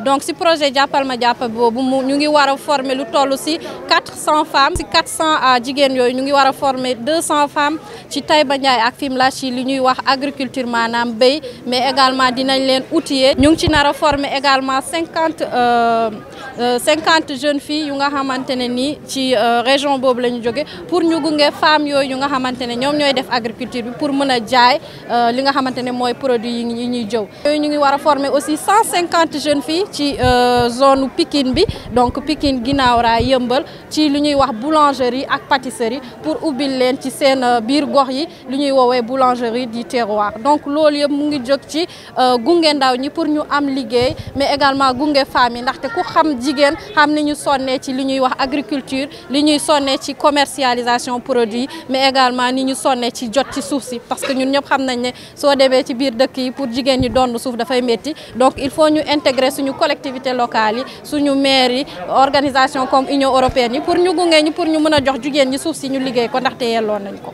donc si projet Diapalma diapal nous avons former 400 femmes si 400 à ah, yooyu Nous avons formé 200 femmes ci Taïba Ndiaye ak Fimelash yi li ñuy wax agriculture maanaam béy mais également dinañ leen outiller ñu ngi ci nar a former également cinquante euh, euh, cinquante jeunes filles yu nga xamante ne nii ci euh, région boobu la ñu jóge pour ñu gunge femmes yooyu yu nga xamante ne ñoom ñooy def agriculture bi pour mën a jaay li nga xamante ne mooy produit yi ñuy jëw yooyu ñu ngi war a former aussi cent cinquante jeunes filles ci zone Pikine bi donc Pikine ginnaaw raay yembal ci li ñuy wax boulangerie ak pâtisserie pour ubbil leen ci seen biir gox yi boulangerie du terroir donc loolu yëpp mu ngi jóg ci euh, ndaw ñi pour ñu am liggéey mais également pour les familles. ndaxte ku xam jigéen xam ni ñu sonnee ci li ñuy wax agriculture li ñuy ci commercialisation produit mais également ni ñu dans ci jot ci parce que ñun ñëpp xam nañ ne soo demee ci biir dëkk yi pour jigéen ñi doon suuf dafay métti donc il faut ñu intégrer suñu collectivité locale yi suñu maire yi organisation comme Union européenne yi pour ñu gunge ñi pour ñu mën nous jox jigéen ñi suuf si ñu liggéey ko ndaxte yelloon nañ ko